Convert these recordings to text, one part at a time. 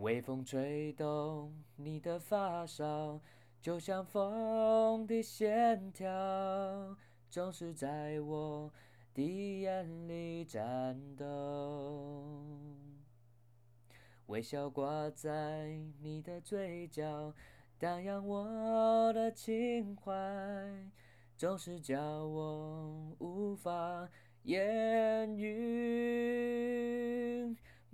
微風吹動你的髮梢，就像風的線條，總是在我的眼裡顫抖。微笑掛在你的嘴角，蕩漾我的情懷，總是叫我無法言語。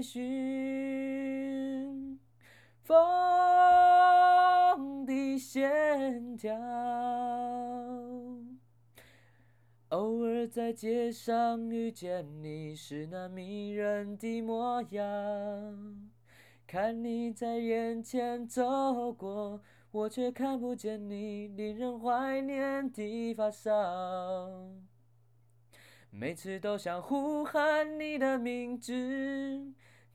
追尋風的線條，偶爾在街上遇見你，是那迷人的模樣。看你在眼前走過，我卻看不見你令人懷念的髮梢。每次都想呼喊你的名字。